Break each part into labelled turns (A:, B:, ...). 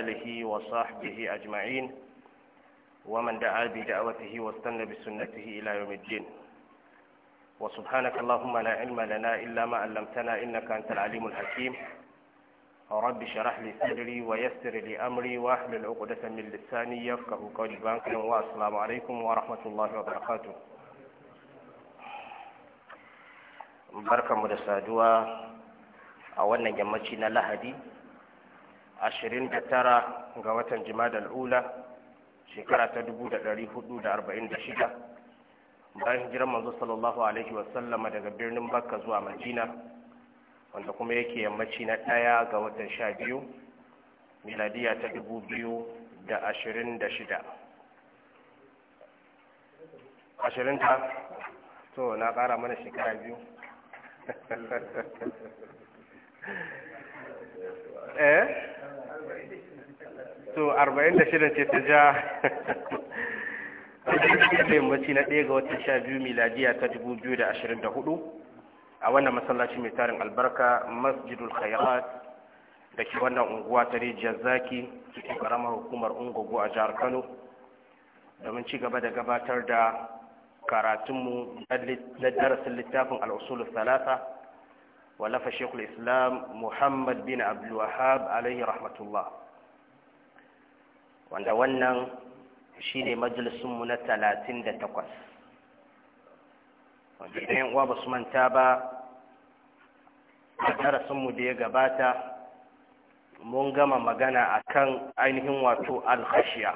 A: آله وصحبه أجمعين ومن دعا بدعوته واستنى بسنته إلى يوم الدين وسبحانك اللهم لا علم لنا إلا ما علمتنا إنك أنت العليم الحكيم رب شرح لي صدري ويسر لي أمري وأحلل عقدة من لساني يفقه قولي بانك والسلام عليكم ورحمة الله وبركاته barkanmu da saduwa a wannan yammaci na lahadi ashirin da tara ga watan jimadal ula shekara ta dubu da ɗari hudu da arba'in da shida bayan hijirar manzo sallallahu alaihi wasallama daga birnin bakka zuwa madina wanda kuma yake yammaci na ɗaya ga watan sha biyu miladiya ta dubu biyu da ashirin da shida ashirin ta to na ƙara mana shekara biyu eh to arba'in ce ta ja da yammaci na ɗaya ga watan sha biyu miladiya ta dubu biyu da ashirin da hudu a wannan masallaci mai tarin albarka masjidul khairat da ke wannan unguwa ta rijiyar zaki cikin karamar hukumar ungogo a jihar kano domin ci gaba da gabatar da karatunmu na darasin littafin al'usulun salasa ولف شيخ الإسلام محمد بن عبد الوهاب عليه رحمة wanda wannan shine majalisunmu na talatin da takwas wanda idan uwa ba su manta ba a darasinmu da ya gabata mun gama magana akan ainihin wato alkhashiya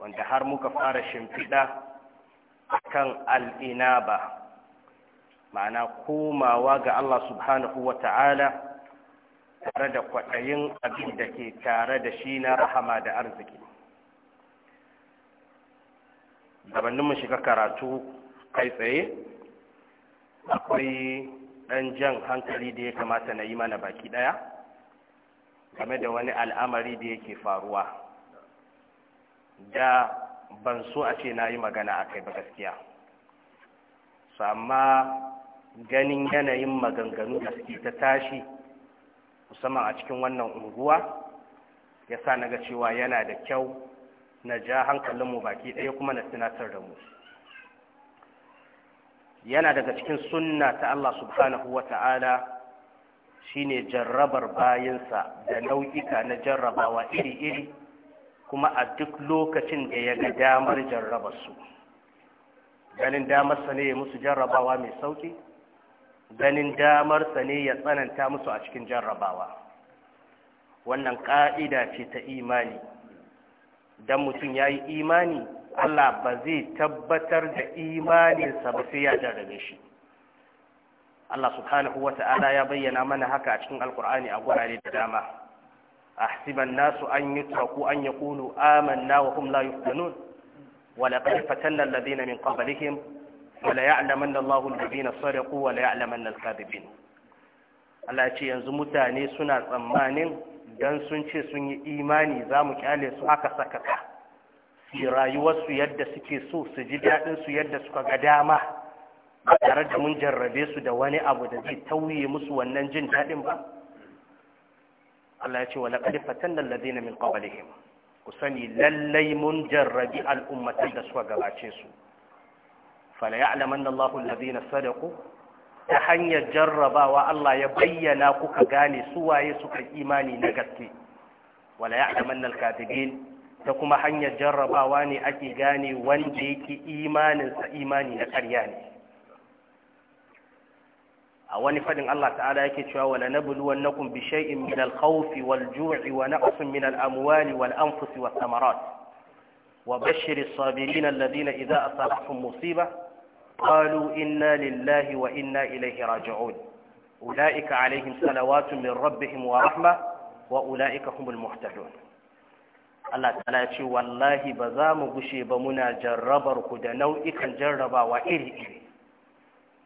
A: wanda har muka fara shimfiɗa kan Al-Inaba. ma'ana komawa ga Allah subhanahu wa ta'ala tare da kwaɗayin abin da ke tare da shi na rahama da arziki gabanin mu shiga karatu kai tsaye akwai ɗan jan hankali da ya kamata na yi mana baki ɗaya game da wani al'amari da yake faruwa da ban so a ce na yi magana a kai ba gaskiya amma ganin yanayin maganganu da suke ta tashi musamman a cikin wannan unguwa ya sa na ga cewa yana da kyau na ja hankalinmu baki ɗaya kuma na sinatar da mu yana daga cikin sunna ta Allah subhanahu wa ta'ala shine jarrabar bayansa da nau'ika na jarrabawa iri-iri kuma a duk lokacin da ya ga damar jarrabarsu ganin damarsa ne musu jarrabawa mai sauki ganin damarsa ne ya tsananta musu a cikin jarrabawa wannan ƙa'ida ce ta imani don mutum ya yi imani Allah ba zai tabbatar da imaninsa ba sai ya jarrabe shi Allah subhanahu kuwa ta'ala ya bayyana mana haka a cikin alkur'ani a gurare da dama ahsiban nasu an yutraku an yaqulu amanna wa hum la yuftanun wa laqad fatanna alladhina min qablihim wala ya'lamanna Allahu alladhina sadaqu wala ya'lamanna al-kadhibin Allah ya ce yanzu mutane suna tsammanin dan sun ce sun yi imani za mu kyale su haka sakaka Si rayuwarsu yadda suke so su ji daɗinsu yadda suka ga dama ba tare da mun jarrabe su da wani abu da zai tauye musu wannan jin daɗin ba Allah ya ce wa laqad fatanna alladhina min qablihim ku sani lallai mun jarrabi al'ummatan da suka gabace su فليعلمن الله الذين صدقوا تحني جربا والله يبين لك غاني سوى يسوع ايماني نغتي ولا يعلمن الكاذبين تكما حني جربا واني اكي غاني وندي يكي ايمان ايماني نكرياني أولي فدن الله تعالى يكي ولا نبلونكم بشيء من الخوف والجوع ونقص من الأموال والأنفس والثمرات وبشر الصابرين الذين إذا أصابتهم مصيبة قالوا إنا لله وإنا إليه راجعون أولئك عليهم صلوات من ربهم ورحمة وأولئك هم المهتدون Allah ta ce wallahi ba za mu gushe ba muna jarrabar ku da nau'ikan jarrabawa iri-iri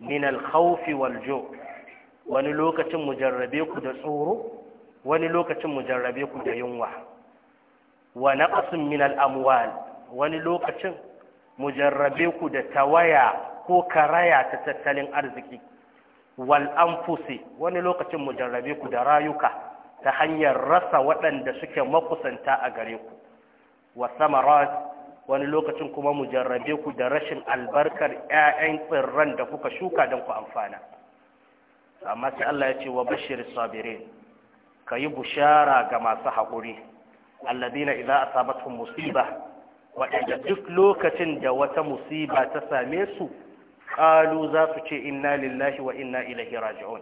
A: min alkhawfi wal jo wani lokacin mu jarrabe ku da tsoro wani lokacin mu jarrabe ku da yunwa wa naqsin min al amwal wani lokacin mu jarrabe ku da tawaya ko karaya ta tattalin arziki wal anfusi wani lokacin mu jarrabe ku da rayuka ta hanyar rasa waɗanda suke makusanta a gare ku wa samarat wani lokacin kuma mu jarrabe ku da rashin albarkar 'ya'yan tsirran da kuka shuka don ku amfana amma sai Allah ya ce wa bashir sabirin kayi bushara ga masu haƙuri alladina idza asabatuhum musiba waɗanda duk lokacin da wata musiba ta same su ƙalu za su ce inna lillahi wa inna ilahi raji'un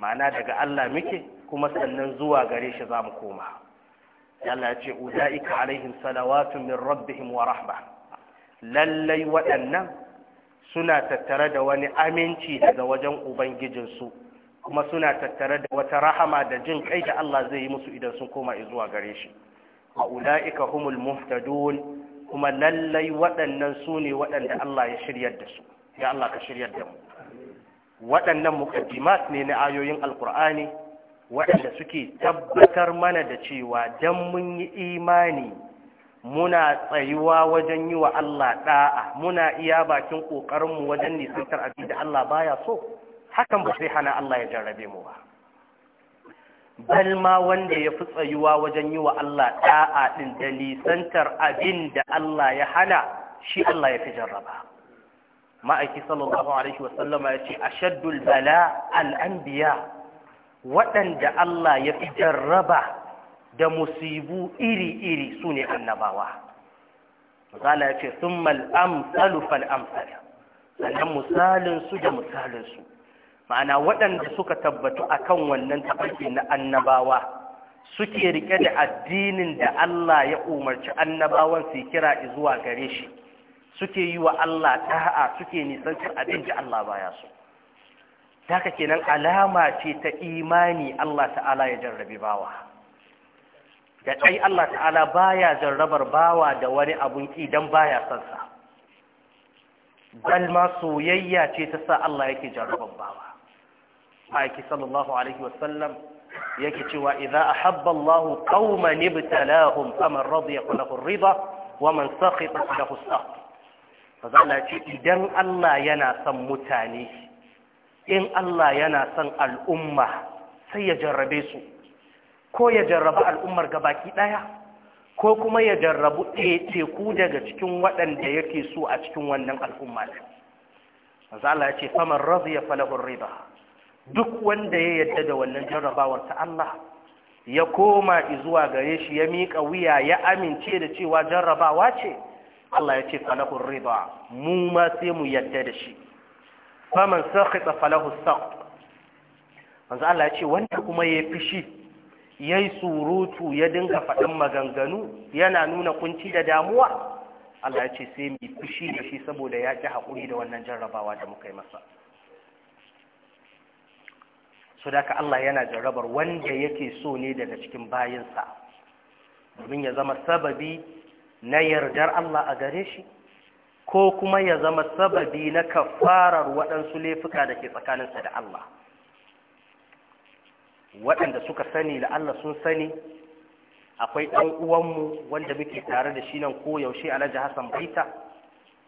A: ma'ana daga Allah muke kuma sannan zuwa gare shi za mu koma Allah ya ce ulaika alaihim salawatun min rabbihim wa rahma lallai waɗannan suna tattare da wani aminci daga wajen ubangijinsu kuma suna tattare da wata rahama da jin kai da Allah zai yi musu idan sun koma zuwa gare shi wa ulaika humul muhtadun kuma lallai waɗannan su ne waɗanda Allah ya shiryar da su ya Allah ka shiryar da mu waɗannan muqaddimat ne na ayoyin alkur'ani waɗanda suke tabbatar mana da cewa dan mun yi imani muna tsayuwa wajen yi wa Allah da'a muna iya bakin kokarin mu wajen nisantar abin da Allah baya so hakan ba sai hana Allah ya jarrabe mu ba bal ma wanda ya fi tsayuwa wajen yi wa Allah ɗa'a din da nisantar abin da Allah ya hana shi Allah ya fi jarraba. ma'aiki sallallahu alaihi wasallam ya ce a shaddul bala al'ambiya, waɗanda Allah ya fi jarraba da musibu iri-iri su ne annabawa zala ya ce sun mal'amsalu amsar sannan misalinsu da misalinsu ma'ana waɗanda suka tabbatu a kan wannan tafarki na annabawa suke rike da addinin da Allah ya umarci annabawan su kira zuwa gare shi suke yi wa Allah ta'a suke nisantar abin da Allah baya so haka kenan alama ce ta imani Allah ta'ala ya jarrabe bawa da dai Allah ta'ala baya jarrabar bawa da wani abun ki dan baya sansa sa bal ma soyayya ce ta sa Allah yake jarrabar bawa aiki sallallahu alaihi wasallam yake cewa idza ahabba Allah qauman ibtalahum faman radiya lahu ar-ridha wa man sakhita lahu as-sakht Fazala ce idan Allah yana son mutane, in Allah yana son al'umma sai ya jarrabe su, ko ya jarrabi al'ummar gabaki ɗaya, ko kuma ya jarrabu ɗaya teku daga cikin waɗanda yake so a cikin wannan al'umma ne. Fazala ce, famar razu ya falahun riba, duk wanda ya yadda da wannan jarrabawar ta Allah, ya koma izuwa gare shi ya miƙa wuya ya amince da cewa jarrabawa ce. Allah ya ce falahu riba mu ma sai mu yadda da shi faman sakhita falahu saq manzo Allah ya ce wanda kuma ya fishi yayi surutu ya dinga fadin maganganu yana nuna kunci da damuwa Allah ya ce sai mu fishi da shi saboda ya ƙi hakuri da wannan jarrabawa da muka yi masa so da Allah yana jarrabar wanda yake so ne daga cikin bayinsa domin ya zama sababi na yardar Allah a gare shi ko kuma ya zama sababi na kafarar waɗansu laifuka da ke tsakaninsa da Allah waɗanda suka sani da Allah sun sani akwai ɗan uwanmu wanda muke tare da shi nan ko koyaushe alhaji hassan baita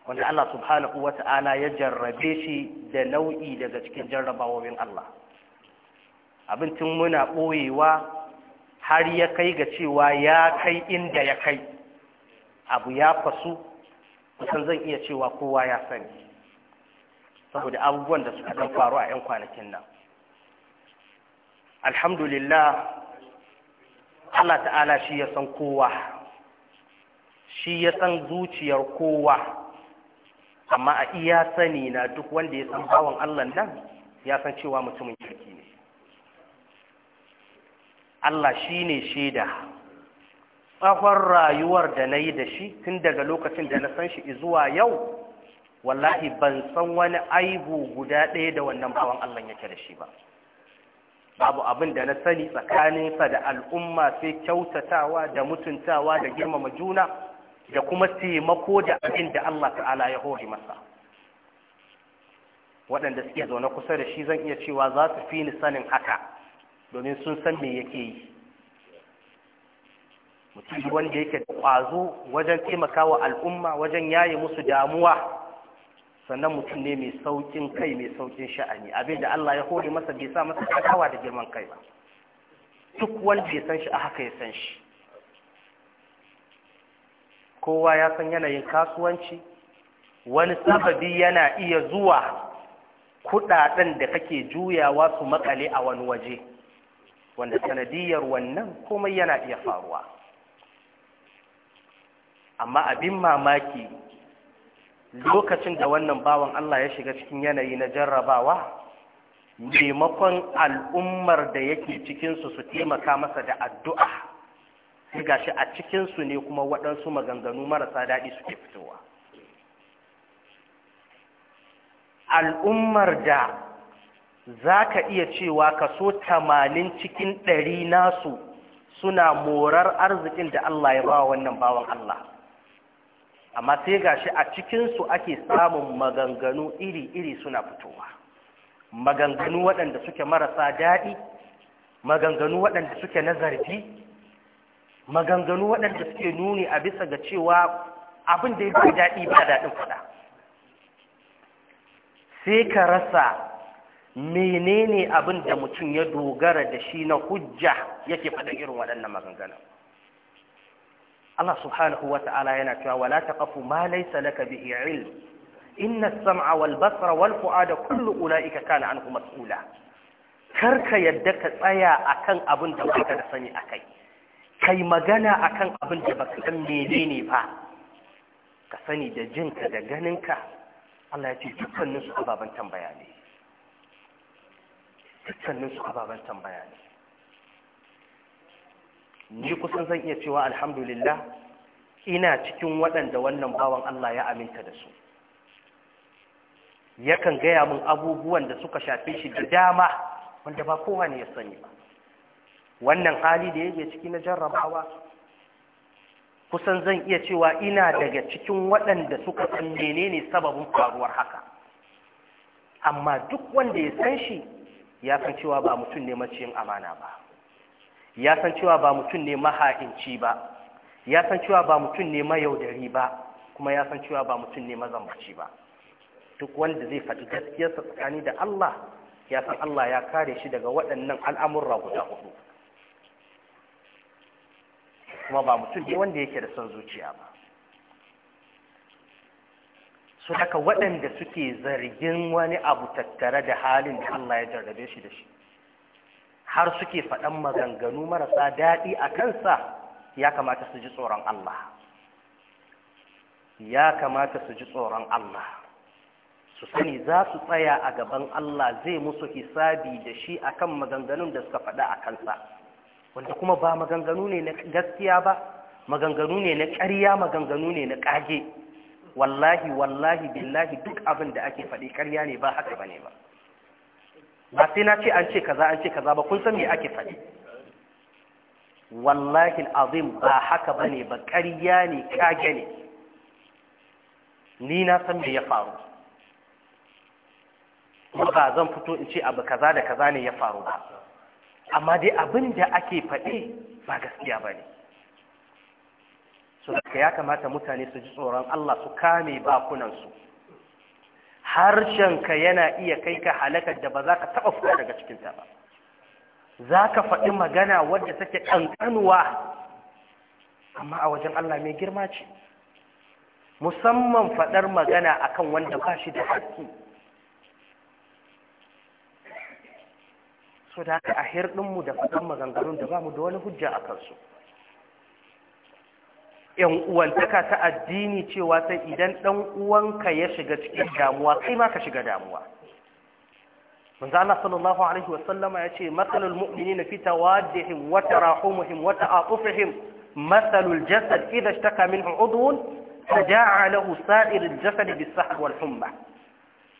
A: wanda Allah subhanahu wa ta'ala ya jarrabe shi da nau'i daga cikin jarrabawowin Allah abincin muna ɓoyewa har ya kai ga cewa ya kai inda ya kai abu ya fasu kusan zan iya cewa kowa ya sani saboda abubuwan da suka ɗan faru a 'yan kwanakin nan alhamdulillah Allah ta'ala shi ya san kowa shi ya san zuciyar kowa amma a iya sani na duk wanda ya san bawan Allah nan ya san cewa mutumin kirki ne Allah shi ne shaida tsawon rayuwar da na yi da shi tun daga lokacin da na san shi zuwa yau wallahi ban san wani aibu guda ɗaya da wannan bawan Allah yake da shi ba babu abin da na sani tsakaninsa da al'umma sai kyautatawa da mutuntawa da girmama juna da kuma taimako da abin da Allah ta'ala ya hori masa waɗanda suke zaune kusa da shi zan iya cewa za su fi ni sanin haka domin sun san me yake yi mutum wanda yake ƙwazo wajen taimakawa al'umma wajen yaye musu damuwa sannan mutum ne mai saukin kai mai saukin sha'ani abin da Allah ya hore masa bai sa masa kakawa da girman kai ba duk wanda ya san shi a haka ya san shi kowa ya san yanayin kasuwanci wani sababi yana iya zuwa kudaden da kake juyawa su makale a wani waje wanda sanadiyar wannan komai yana iya faruwa amma abin mamaki lokacin da wannan bawan Allah ya shiga cikin yanayi na jarrabawa maimakon al'ummar da yake cikinsu su taimaka masa da addu'a sai gashi a cikinsu ne kuma waɗansu maganganu marasa daɗi suke fitowa al'ummar da za ka iya cewa kaso tamanin cikin ɗari nasu suna morar arzikin da Allah ya ba wannan bawan Allah amma sai ga shi a cikinsu ake samun maganganu iri-iri suna fitowa maganganu waɗanda suke marasa daɗi maganganu waɗanda suke na maganganu waɗanda suke nuni a bisa ga cewa abin da ya fi daɗi ba daɗin faɗa sai ka rasa menene abin da mutum ya dogara da shi na hujja yake faɗa irin waɗannan maganganun Allah subhanahu wa ta'ala yana cewa wala taqafu ma laysa laka bihi ilm inna as-sam'a wal basara wal fu'ada kullu ulaika kana anhu mas'ula karka yadda ka tsaya akan abin da baka da sani akai kai magana akan abin da baka san menene ba ka sani da jinka da ganinka Allah ya ce dukkanin su ababan tambaya ne dukkanin su ababan tambaya ne ni kusan zan iya cewa alhamdulillah ina cikin waɗanda wannan bawan Allah ya aminta da su yakan gaya min abubuwan da suka shafe shi da dama wanda ba kowa ne ya sani ba wannan hali da yake ciki na jarrabawa kusan zan iya cewa ina daga cikin waɗanda suka san menene sababin faruwar haka amma duk wanda ya san shi ya san cewa ba mutum ne maciyin amana ba ya san cewa ba mutum ne maha'inci ba ya san cewa ba mutum ne mayaudari ba kuma ya san cewa ba mutum ne mazambaci ba duk wanda zai faɗi gaskiyarsa tsakani da Allah ya san Allah ya kare shi daga waɗannan al'amurra guda hudu kuma ba mutum ne wanda yake da son zuciya ba su haka waɗanda suke zargin wani abu tattare da halin da Allah ya jarrabe shi da shi har suke faɗan maganganu marasa daɗi a kansa ya kamata su ji tsoron Allah ya kamata su ji tsoron Allah su sani za su tsaya a gaban Allah zai musu hisabi da shi akan maganganun da suka faɗa a kansa wanda kuma ba maganganu ne na gaskiya ba maganganu ne na ƙarya maganganu ne na ƙage wallahi wallahi billahi duk abin da ake faɗi ƙarya ne ba haka bane ba ba sai na ce an ce kaza an ce kaza ba kun san me ake faɗi wallahi azim ba haka bane ba ƙarya ne kage ne ni na san me ya faru ba zan fito in ce abu kaza da kaza ne ya faru ba amma dai abin da ake faɗi ba gaskiya bane ne so ya kamata mutane su ji tsoron Allah su kame bakunansu Harshen ka yana iya kai ka halakar da ba za ka taɓa fita daga cikinta ba za ka faɗi magana wadda take ƙanƙanuwa amma a wajen Allah mai girma ce musamman faɗar magana akan wanda ba shi da haƙƙi so da haka a hirɗinmu da faɗar maganganun da ba mu da wani hujja a kansu yan uwantaka ta addini cewa sai idan dan uwanka ya shiga cikin damuwa kai ma ka shiga damuwa manzo Allah sallallahu alaihi wasallama yace matsalul mu'minina fi tawaddihim wa tarahumihim wa ta'atufihim mathalul jasad idha ishtaka minhu udwun taja'alahu sa'irul jasad bis-sahw wal-humma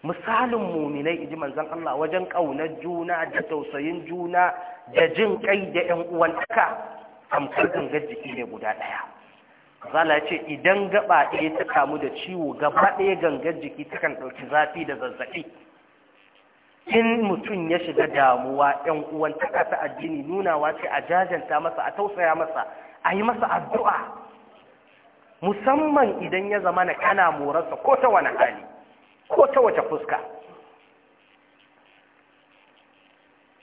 A: misalin muminai iji manzon Allah wajen ƙaunar juna da tausayin juna da jin kai da ƴan uwantaka tamkar gangar jiki ne guda ɗaya zala ce idan gaba ɗaya ta kamu da ciwo gaba ɗaya gangar jiki takan ɗauki zafi da zazzaɓi in mutum ya shiga damuwa ‘yan uwan ta ƙasa addini nunawa ce a jajanta masa a tausaya masa a yi masa addu'a musamman idan ya zama na kana morarsa ko ta wani hali ko ta wace fuska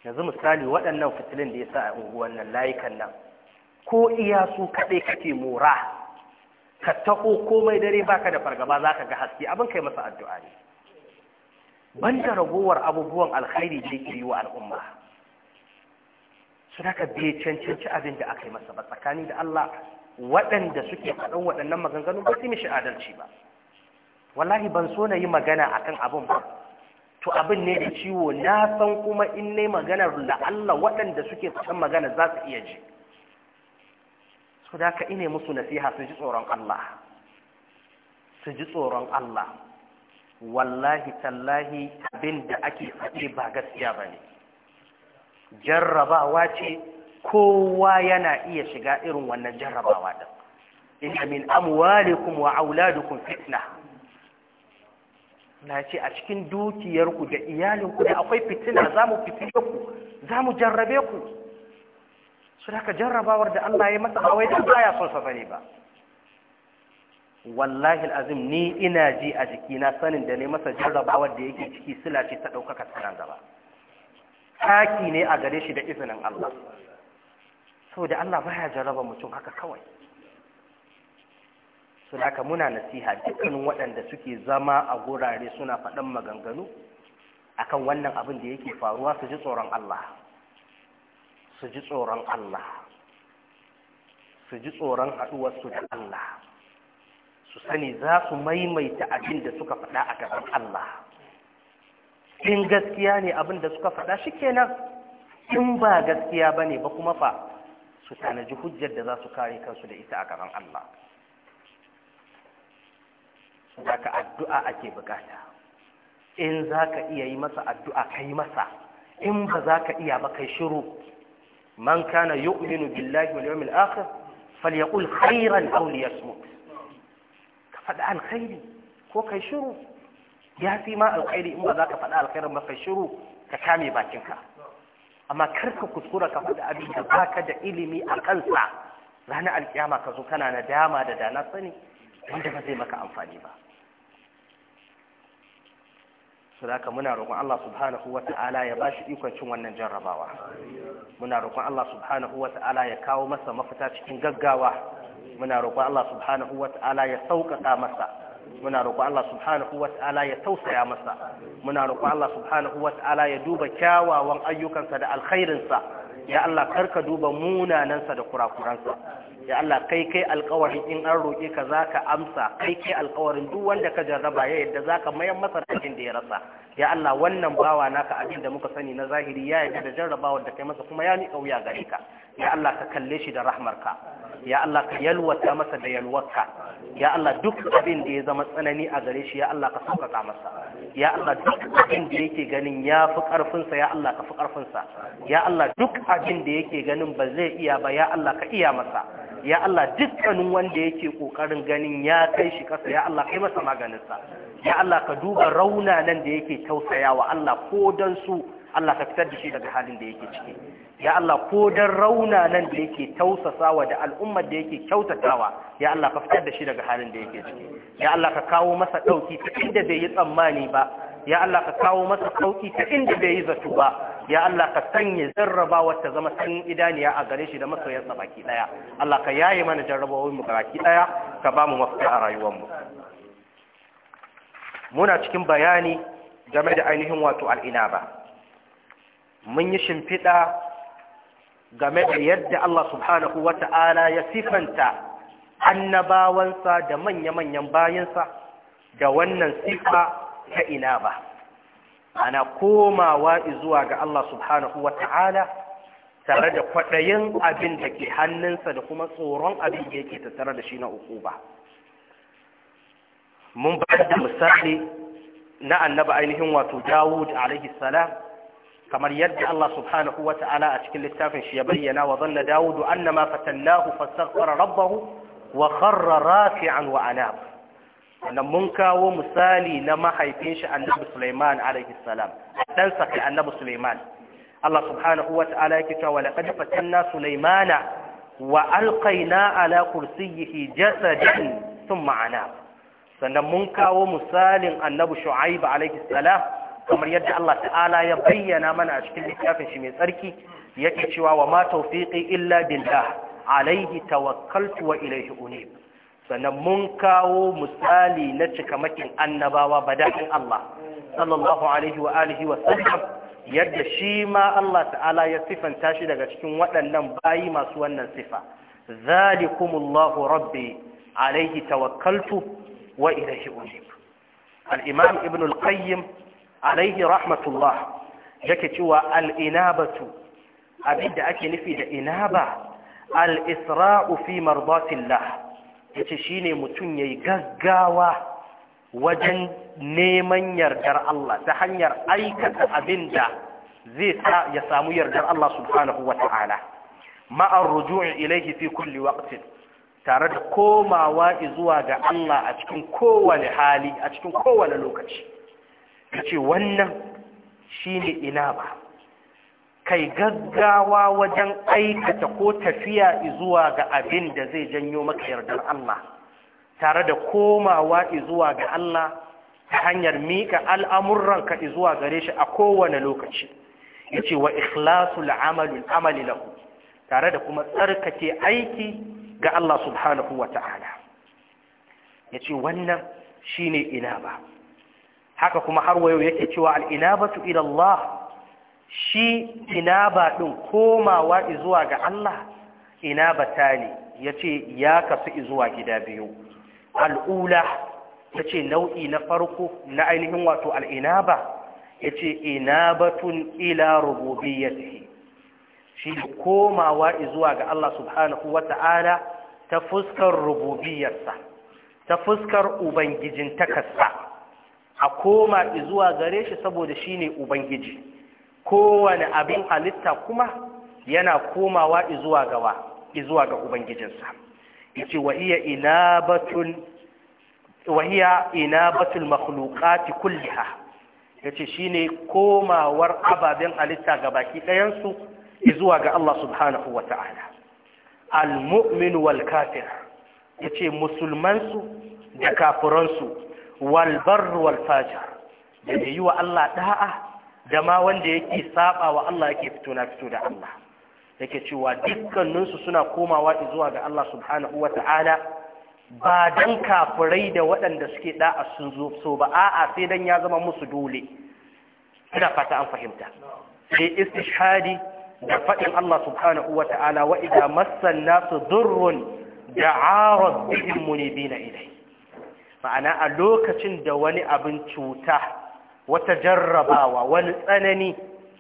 A: yanzu misali waɗannan fitilin da ya sa a unguwan nan layukan nan ko iya su kaɗai kake mora ka taho komai dare baka da fargaba za ka ga haske abin kai masa addu'a ne banda ragowar abubuwan alkhairi ce yake yi wa al'umma su haka bai cancanci abin da aka yi masa ba tsakani da Allah waɗanda suke faɗin waɗannan maganganu ba su yi mishi adalci ba wallahi ban so na yi magana a kan abin ba to abin ne da ciwo na san kuma in ne maganar allah waɗanda suke fitan magana za su iya ji su da ka ine musu nasiha su ji tsoron Allah su ji tsoron Allah wallahi tallahi abin da ake faɗi ba gaskiya ba ne jarrabawa ce kowa yana iya shiga irin wannan jarrabawa ɗin inda min amwalikum wa auladukum fitna na ce a cikin dukiyarku da iyalinku da akwai fitina za mu ku za mu jarrabe ku su da jarrabawar da Allah ya masa bawai don baya son sa bane ba wallahi azim ni ina ji a jiki na sanin da ne masa jarrabawar da yake ciki sila ce ta ɗaukaka tsanan gaba taki ne a gare shi da izinin Allah saboda Allah baya jarraba mutum haka kawai sun haka muna nasiha dukkanin waɗanda suke zama a gurare suna faɗan maganganu akan wannan abin da yake faruwa su ji tsoron Allah su ji tsoron Allah su ji tsoron haɗuwarsu da Allah su sani za su maimaita abin da suka faɗa a gaban Allah in gaskiya ne abin da suka faɗa shi kenan in ba gaskiya ba ba kuma fa su tanaji hujjar da za su kare kansu da ita a gaban Allah daga addu'a ake bukata in za ka iya yi masa addu'a ka yi masa in ba za ka iya ba kai shiru من كان يؤمن بالله واليوم الآخر فليقول خيرا أو ليصمت كفدع الخير هو كيشرو يا في ما الخير إما ذاك فدع الخير ما كيشرو ككامي باكنك أما كرك كسكورة كفدع أبيك ذاك دا إلمي أكنسع رانا القيامة كزو كان أنا داما دانا صني عندما زي ما كأنفاني بقى sadaka muna roƙon Allah subhanahu wata'ala ya bashi ikon cin wannan jarrabawa muna roƙon Allah subhanahu wata'ala ya kawo masa mafita cikin gaggawa muna roƙon Allah subhanahu wata'ala ya sauƙaƙa masa muna roƙon Allah subhanahu wata'ala ya tausaya masa muna roƙon Allah subhanahu wata'ala ya duba kyawawan ayyukansa da alkhairinsa ya Allah karka duba munanansa da kurakuransa ya Allah kai kai alƙawarin in an roƙe ka za ka amsa kai kai alƙawarin duk wanda ka jarraba ya yadda za ka mayan masa rikin da ya rasa ya Allah wannan bawa naka abin da muka sani na zahiri ya yadda da jarrabawar da kai masa kuma ya miƙa wuya gare ka ya Allah ka kalle shi da rahmarka ya Allah ka yalwata masa da yalwarka ya Allah duk abin da ya zama tsanani a gare shi ya Allah ka sauƙaƙa masa ya Allah duk abin da yake ganin ya fi ƙarfinsa ya Allah ka fi ƙarfinsa ya Allah duk abin da yake ganin ba zai iya ba ya Allah ka iya masa ya Allah dukkanin wanda yake ƙoƙarin ganin ya kai shi ƙasa ya Allah kai masa maganinsa ya Allah ka duba raunanan da yake tausayawa Allah ko don su Allah ka fitar da shi daga halin da yake ciki ya Allah ko dan rauna nan da yake tausasawa da al'ummar da yake kyautatawa ya Allah ka fitar da shi daga halin da yake ciki ya Allah ka kawo masa dauki ta inda bai yi tsammani ba ya Allah ka kawo masa sauki ta inda bai yi zato ba ya Allah ka sanya jarrabawa ta zama san idaniya a gare shi da masoyansa baki daya Allah ka yaye mana jarrabawar mu baki ɗaya ka ba mu mafita a rayuwar mu muna cikin bayani game da ainihin wato al'ina ba. mun yi shimfiɗa game da yadda Allah subhanahu wa ta'ala ya sifanta annabawansa da manya-manyan bayansa da wannan sifa ta ina ba ana komawa zuwa ga Allah subhanahu wa ta'ala tare da kwaɗayin abin da ke hannunsa da kuma tsoron abin da yake tattare da shi na uku ba mun ba da misali na annaba ainihin wato dawud a.s. kamar yadda Allah subhanahu wa ta'ala a cikin littafin shi ya bayyana wa zalla dawudu annama fatannahu fastaghfara rabbahu wa kharra rafi'an wa anab wannan mun kawo misali na mahaifin shi annabi Sulaiman alaihi salam dan sa kai annabi Sulaiman Allah subhanahu wa ta'ala yake cewa laqad fatanna Sulaimana wa alqaina ala kursiyyihi jasadan thumma anab sannan mun kawo misalin annabi Shu'aib alaihi salam kamar yadda Allah ta'ala ya bayyana mana a cikin littafin shi mai tsarki yake cewa wa ma tawfiqi illa billah Alayhi tawakkaltu wa ilaihi unib sannan mun kawo misali na cikamakin annabawa bada'in Allah sallallahu alaihi wa alihi wa sallam yadda shi ma Allah ta'ala ya sifanta shi daga cikin waɗannan bayi masu wannan sifa zalikumullahu rabbi alayhi tawakkaltu wa ilaihi unib al-imam ibn al-qayyim alaihi rahmatullah yake cewa al'inabatu abinda ake nufi da inaba al'isra'u fi marbatillah ya ce shi ne mutum ya yi gaggawa wajen neman yardar Allah ta hanyar aikata abinda zai sa ya samu yardar Allah subhanahu wa ta'ala ma'ar rujuin ilaihi fi kulli waqtin tare da komawa zuwa ga Allah a cikin kowane hali a cikin kowane lokaci Yace ce wannan shi ne ina ba kai gaggawa wajen aikata ko tafiya zuwa ga abin da zai janyo maka yardar Allah tare da komawa zuwa ga Allah ta hanyar miƙa ka zuwa gare shi a kowane lokaci ya ce wa ikhlasul amalin amali lahu tare da kuma tsarkake aiki ga Allah subhanahu wa ta'ala ya ce wannan shi ne ina ba haka kuma har wayo yake cewa al'inabatu ila shi inaba ɗin komawa izuwa ga Allah inabata ne yace ya kasu izuwa gida biyu al'ula yace nau'i na farko na ainihin wato al'inaba yace inabatun ila rububiyyatihi shi komawa izuwa ga Allah subhanahu wata'ala ta fuskar rububiyyarsa ta fuskar ubangijin takarsa a koma zuwa gare shi saboda shi ne ubangiji kowane abin halitta kuma yana komawa zuwa gawa zuwa ga ubangijinsa yace wa iya inabatul wa kulli ha? Ya kulliha yace shine komawar ababen halitta ga baki ɗayansu izuwa zuwa ga Allah subhanahu wa ta'ala al mu'min wal kafir yace musulmansu da kafuransu. Walbar barru da bai da yi wa Allah ɗa'a da ma wanda yake saba wa Allah yake fito na fito da Allah yake cewa dukkaninsu suna komawa zuwa ga Allah subhanahu wa ba dan kafirai da waɗanda suke ɗa'a sun zo so ba a'a sai dan ya zama musu dole ina fata an fahimta sai istishhadi da faɗin Allah subhanahu wa ta'ala wa idza massan nasu durrun da'a rabbihim munibina ilayhi ma'ana a lokacin da wani abin cuta wata jarrabawa wani tsanani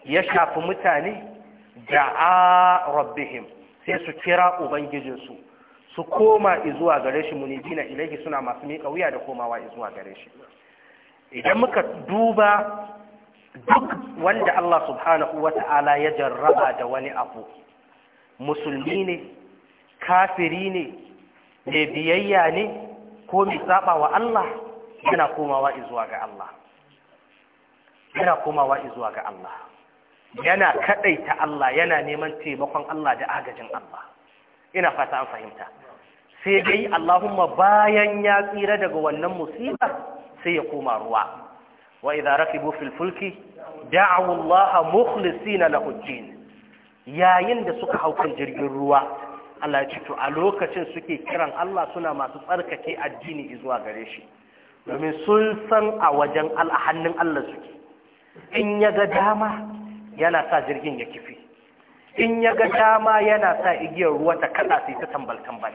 A: ya shafi mutane da'a rabbihim sai su kira ubangijinsu su koma izuwa gare shi munibina ilaihi suna masu miƙa wuya da komawa izuwa gare shi idan muka duba duk wanda Allah subhanahu wata'ala ya jarraba da wani abu musulmi ne kafiri ne mai biyayya ne ko mai saba wa Allah yana komawa izuwa ga Allah yana komawa izuwa ga Allah yana kadaita Allah yana neman taimakon Allah da agajin Allah ina fata an fahimta sai dai Allahumma bayan ya tsira daga wannan musiba sai ya koma ruwa wa idza rakibu fil fulki da'u Allah mukhlisina lahu yayin da suka hau kan jirgin ruwa Allah ya ce to a lokacin suke kiran Allah suna masu tsarkake addini zuwa gare shi domin sun san a wajen hannun Allah suke in ya ga dama yana sa jirgin ya kife, in ya ga dama yana sa igiyar ruwa ta kada sai ta tambal tambal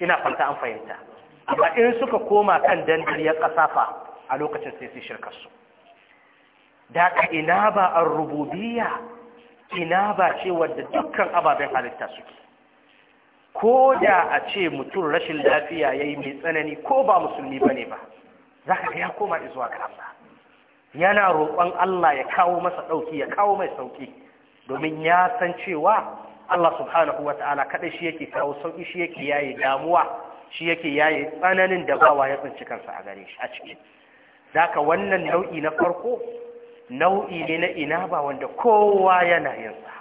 A: ina fanta an fahimta amma in suka koma kan dandali ya kasafa a lokacin sai sai shirka su da ka ina ba an rububiyya ina ba ce wadda dukkan ababen halitta suke ko da a ce mutum rashin lafiya ya yi mai tsanani ko ba musulmi ba ne ba za ka ya koma izuwa ga Allah yana roƙon Allah ya kawo masa ɗauki ya kawo mai sauƙi domin ya san cewa Allah subhanahu wa ta'ala kaɗai shi yake kawo sauƙi shi yake yaye damuwa shi yake yaye tsananin da bawa ya tsinci kansa a gare shi a ciki ka wannan nau'i na farko nau'i ne na ina ba wanda kowa yana yinsa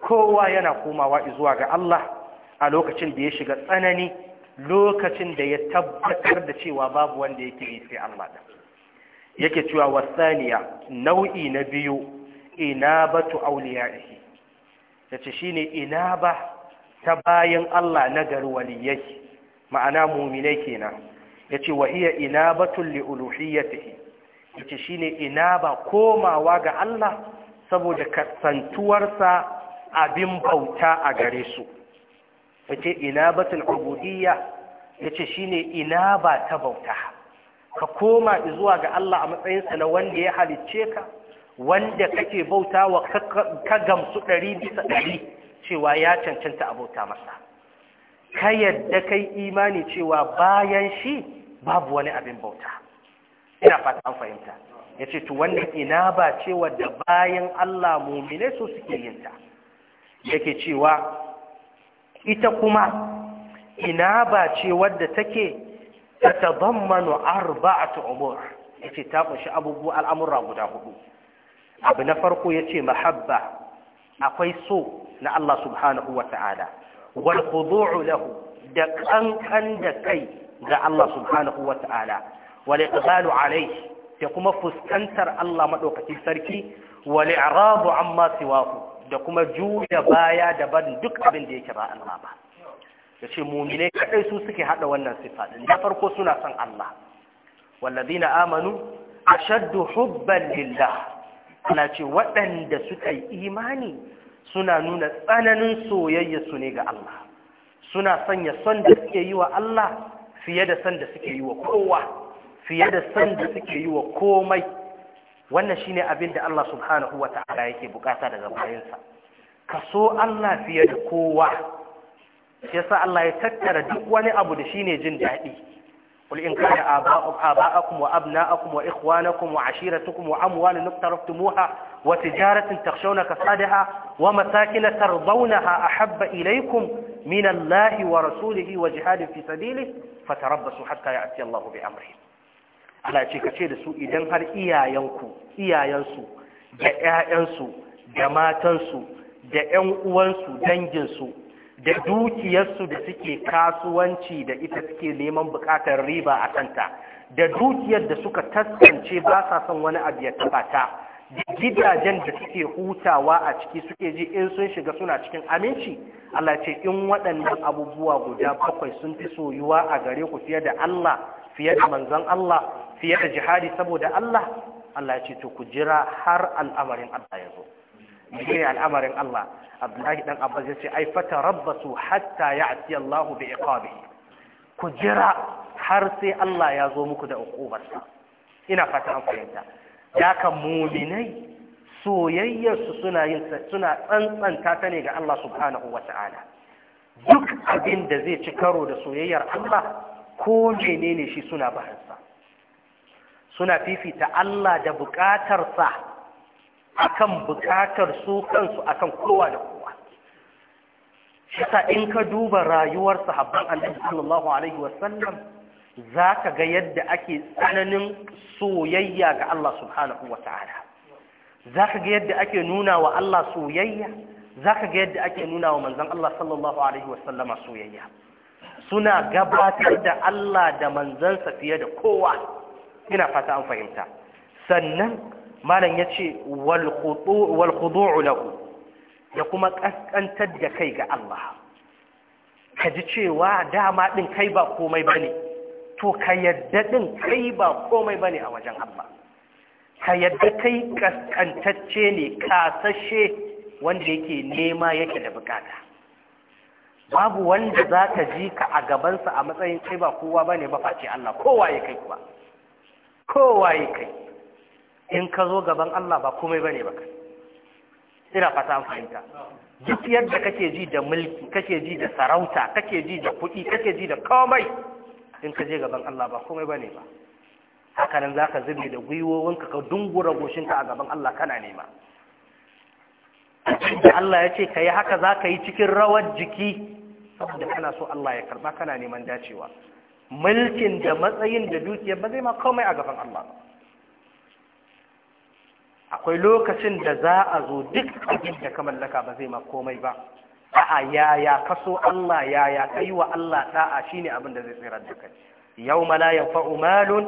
A: kowa yana komawa zuwa ga Allah a lokacin da ya shiga tsanani lokacin da ya tabbatar da cewa babu wanda yake yi sai Allah da yake cewa wasaniya nau'i na biyu inabatu auliya'ihi yace shine inaba ta bayan Allah na gari waliyai ma'ana mu'minai kenan yace wa hiya inabatu li uluhiyatihi yace shine inaba komawa ga Allah saboda kasantuwarsa abin bauta a gare su yace inabatul ubudiyya yace shine inaba ta bauta ka koma zuwa ga Allah a matsayinsa na wanda ya halicce ka wanda kake bauta wa ka gamsu ɗari bisa ɗari cewa ya cancanta a bauta masa ka yadda kai imani cewa bayan shi babu wani abin bauta ina fata an fahimta Yace ce wanda ina ba cewa da bayan Allah mumine su suke yinta yake cewa ita kuma ina ba ce wadda take ta tazammanu arba'atu umur yace ta kunshi abubuwa al'amura guda hudu abu na farko yace mahabba akwai so na Allah subhanahu wata'ala wal khudu'u lahu da kankan da kai ga Allah subhanahu wata'ala wal iqbalu alayhi da kuma fuskantar Allah madaukakin sarki wal i'radu amma siwahu da kuma juya baya da barin duk abin da yake ba Allah ba ya ce mumine kadai su suke hada wannan sifa din na farko suna son Allah wallazina amanu a ashaddu hubban lillah ana ce waɗanda suka yi imani suna nuna tsananin soyayya su ne ga Allah suna sanya son da suke yi wa Allah fiye da son da suke yi wa kowa fiye da son da suke yi wa komai wannan shine abin da Allah subhanahu wa ta'ala yake bukata daga bayansa ka so Allah fiye da kowa shi yasa Allah ya tattara duk wani abu da shine jin daɗi قل إن كان آباءكم وأبناءكم وإخوانكم وعشيرتكم وأموال اقترفتموها وتجارة تخشون كسادها ومساكن ترضونها أحب إليكم من الله ورسوله وجهاد في سبيله فتربصوا حتى يأتي الله بأمره
B: Allah ce ka ce da su idan har
A: iyayenku iyayensu da ƴaƴansu da matansu da ƴan uwansu danginsu da dukiyarsu da suke kasuwanci da ita suke neman bukatar riba a kanta da dukiyar da suka taskance ba sa son wani abu ya taba ta da gidajen da suke hutawa a ciki suke ji in sun shiga suna cikin aminci Allah ce in waɗannan abubuwa guda bakwai sun fi soyuwa a gare ku fiye da Allah fiye da manzon Allah fiye da jihadi saboda Allah Allah ya ce to ku jira har al'amarin Allah ya zo ne al'amarin Allah Abdullahi dan Abbas ya ce ai fata su hatta ya ya'ti Allahu bi iqabihi ku jira har sai Allah ya zo muku da uƙubarsa. ina fata an fahimta ya kan mu'minai soyayyarsu suna yin suna tsantsanta ta ne ga Allah subhanahu ta'ala. duk abin da zai ci karo da soyayyar Allah ko menene shi suna bahas suna fifita Allah da buƙatarsa akan buƙatar su kansu akan kowa da kowa shasa in ka duba rayuwar sahabban annabi sallallahu alaihi wasallam zaka ga yadda ake tsananin soyayya ga Allah subhanahu wataala zaka ga yadda ake nuna wa Allah soyayya zaka ga yadda ake nuna wa manzon Allah sallallahu alaihi wasallama soyayya suna gabatar da Allah da manzansa fiye da kowa ina fata an fahimta sannan malam ya ce wal lahu da kuma kaskantar da kai ga Allah ka ji cewa dama ɗin kai ba komai bane to ka yadda din kai ba komai bane a wajen Allah ka yadda kai kaskantacce ne kasashe wanda yake nema yake da bukata babu wanda za ka ji ka a gabansa a matsayin kai ba kowa ba ne ba face Allah kowa ya kai kuwa kowaye kai in ka zo gaban Allah ba komai bane ba kai ina fata an fahimta duk yadda kake ji da mulki kake ji da sarauta kake ji da kuɗi kake ji da komai in ka je gaban Allah ba komai bane ba haka nan zaka zube da gwiwowinka ka dungura goshinka a gaban Allah kana nema Allah ya ce ka yi haka za ka yi cikin rawar jiki saboda kana so Allah ya karba kana neman dacewa mulkin da matsayin da dukiya ba zai ma komai a gaban Allah ba, akwai lokacin da za a zo duk abin da ka mallaka ba zai ma komai ba a yaya kaso Allah yaya kai wa Allah da'a shine abin da zai tsirar da kai yawma la yanfa'u malun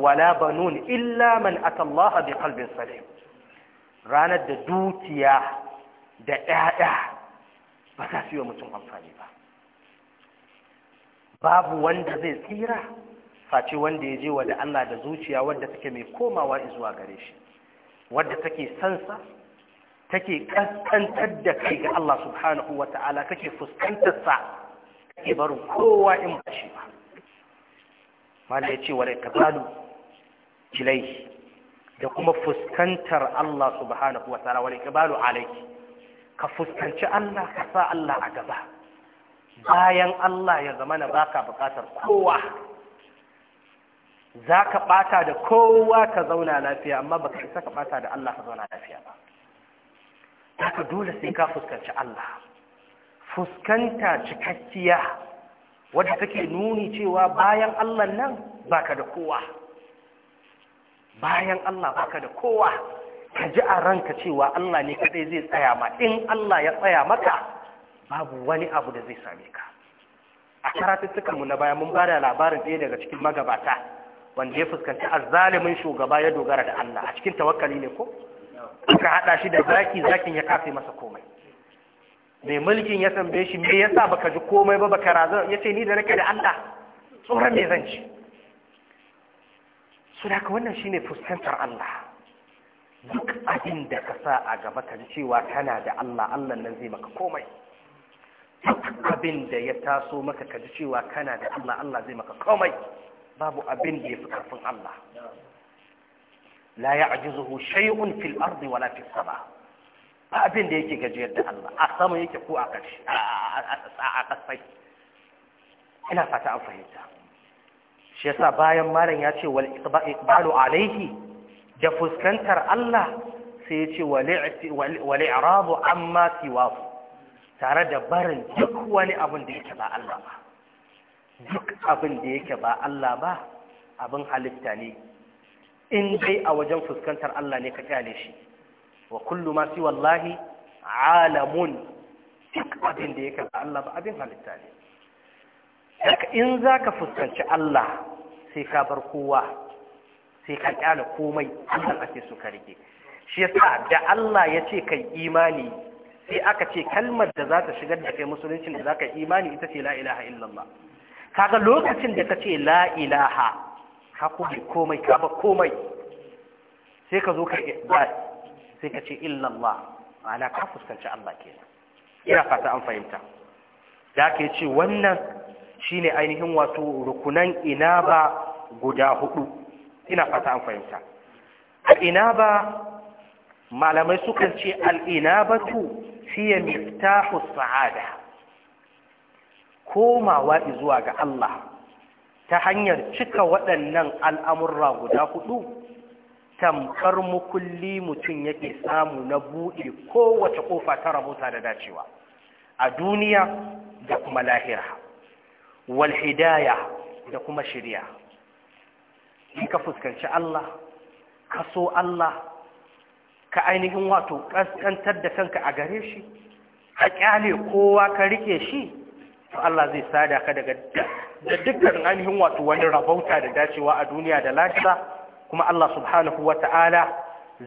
A: wala banun illa man atallaha bi qalbin salim ranar da dukiya da 'ya'ya ba za su yi wa mutum amfani ba babu wanda zai tsira face wanda ya je wa Allah da zuciya wadda take mai komawa zuwa gare shi wadda take sansa take kaskantar da kai ga Allah subhanahu wa ta'ala take fuskantar sa take barin kowa in ba shi ba mala ya ce wale da kuma fuskantar Allah subhanahu wa ta'ala ka kabalu alaiki ka fuskanci Allah ka sa Allah a gaba bayan Allah ya zama na baka bukatar kowa za ka ɓata da kowa ka zauna lafiya amma baka isa ka ɓata da Allah ka zauna lafiya ba ka dole sai ka fuskanci Allah fuskanta cikakkiya wadda take nuni cewa bayan Allah nan baka da kowa bayan Allah baka da kowa ka ji a ranka cewa Allah ne kaɗai zai tsaya ma in Allah ya tsaya maka babu wani abu da zai same ka a karatuttukan mu na baya mun bada labarin ɗaya daga cikin magabata wanda ya fuskanci azzalimin shugaba ya dogara da Allah a cikin tawakkali ne ko aka haɗa shi da zaki zakin ya kafe masa komai mai mulkin ya tambaye shi me yasa baka ji komai ba baka razo ya ce ni da nake da Allah tsoron me zan ci su da wannan shine fuskantar Allah duk abin da ka sa a gaba ka ji cewa kana da Allah Allah nan zai maka komai duk abin da ya taso maka kaji cewa kana da Allah Allah zai maka komai babu abin da ya fi karfin Allah la ya ya'jizuhu shay'un fil ardi wala fis sama ba abin da yake gajiyar da Allah a sama yake ko a ƙarshe a ƙasai ina fata an fahimta shi yasa bayan malam ya ce wal iqbalu alayhi da fuskantar Allah sai ya ce wal i'rabu amma siwahu tare da barin duk wani abin da yake ba Allah ba duk abin da yake ba Allah ba abin halitta ne in dai a wajen fuskantar Allah ne ka kyale shi wa kullu ma siwa wallahi alamun duk abin da yake ba Allah ba abin halitta ne in za ka fuskanci Allah sai ka bar kowa sai ka kyale komai Allah ake so ka rike shi yasa da Allah ya ce kai imani sai aka ce kalmar da za ta shigar da kai musuluncin da za ka imani ita ce la'ilaha illallah kaga lokacin da ka ce la'ilaha ka kuma komai ka ba komai sai ka zo ka ba sai ka ce illallah ma'ana ka fuskanci Allah ke ina fata an fahimta da ke ce wannan shine ainihin wato rukunan inaba guda hudu ina fata an fahimta inaba malamai sukan ce al'inabatu hiya miftahu sa'ada komawa zuwa ga Allah ta hanyar cika waɗannan al'amurra guda hudu tamkar mukulli mutum yake samu na buɗe kowace ƙofa ta rabuta da dacewa a duniya da kuma lahira walhidaya da kuma shirya kika ka fuskanci Allah ka so Allah ka ainihin wato ƙaskantar da kanka a gare shi ka kyale kowa ka rike shi to Allah zai sada ka daga da dukkan ainihin wato wani rabauta da dacewa a duniya da lafiya kuma Allah subhanahu wata'ala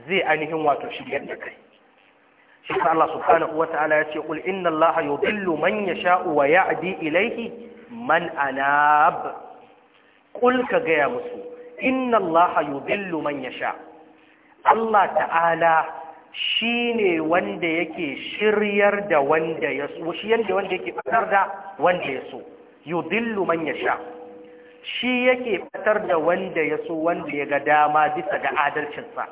A: zai ainihin wato shigar da kai shi Allah subhanahu wata'ala ya ce qul inna Allah yudillu man sha'u wa ya ya'di ilayhi man anab qul ka gaya musu inna Allah yudillu man yasha Allah ta'ala shi ne wanda yake shiryar da wanda ya so shi yanda wanda yake fitar da wanda ya so yudillu man sha shi yake fitar da wanda ya so wanda ya ga dama bisa ga adalcinsa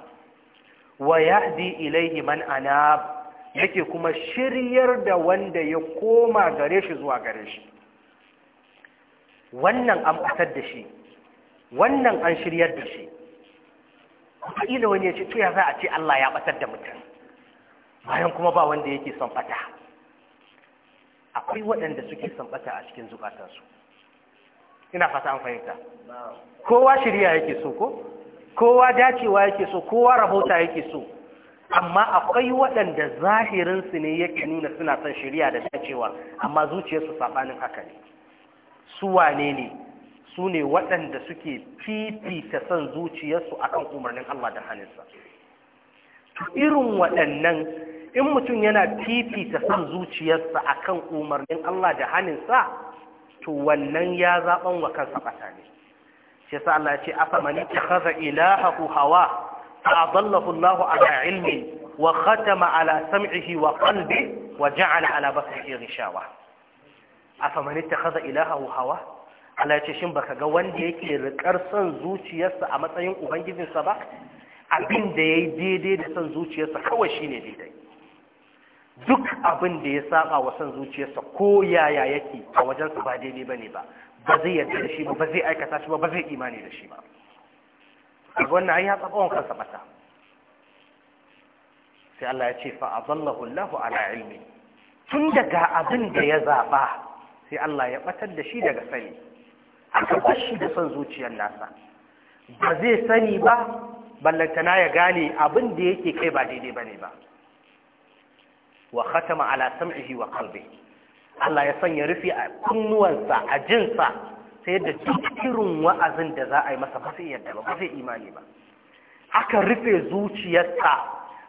A: wa yahdi ilaihi man anab yake kuma shiryar da wanda ya koma gare shi zuwa gare shi wannan an fitar da shi wannan an shiryar da shi ila wani ya ce to ya za a ce Allah ya batar da mutum bayan kuma ba wanda yake son bata akwai waɗanda suke son bata a cikin zukatansu ina fata an fahimta kowa shirya yake so ko kowa dacewa yake so kowa rahota yake so amma akwai waɗanda zahirinsu ne yake nuna suna son shirya da dacewa amma zuciyarsu saɓanin haka ne su wane ne su ne waɗanda suke fifita son zuciyarsu akan umarnin Allah da hannunsa irin waɗannan in mutum yana fifita son zuciyarsa akan umarnin Allah da hannunsa to wannan ya zaɓan wa kansa ɓata ne shi yasa Allah ya ce afa man ittakhadha ilahahu hawa fa adallahu Allah ala ilmi wa khatama ala sam'ihi wa qalbi wa ja'ala ala basarihi shawa. afa man ittakhadha ilahahu hawa Allah ya ce shin baka ga wanda yake rikar son zuciyarsa a matsayin ubangijinsa ba abin da yayi daidai da son zuciyarsa kawai shine daidai duk abin da ya saba wa son zuciyarsa ko yaya yake a wajensa ba daidai bane ba ba zai yarda da shi ba ba zai aikata shi ba ba zai imani da shi ba wannan ai ya tsawon kansa mata. sai Allah ya ce fa azallahu lahu ala ilmi tun daga abin da ya zaba sai Allah ya batar da shi daga sani aka bashi da son zuciyar nasa ba zai sani ba ballantana ya gane abin da yake kai ba daidai ba ne ba wa khatama ala sam'ihi wa qalbi Allah ya sanya rufi a kunnuwansa a jinsa sai da duk wa'azin da za a yi masa ba sai yadda ba ba imani ba aka rufe zuciyarsa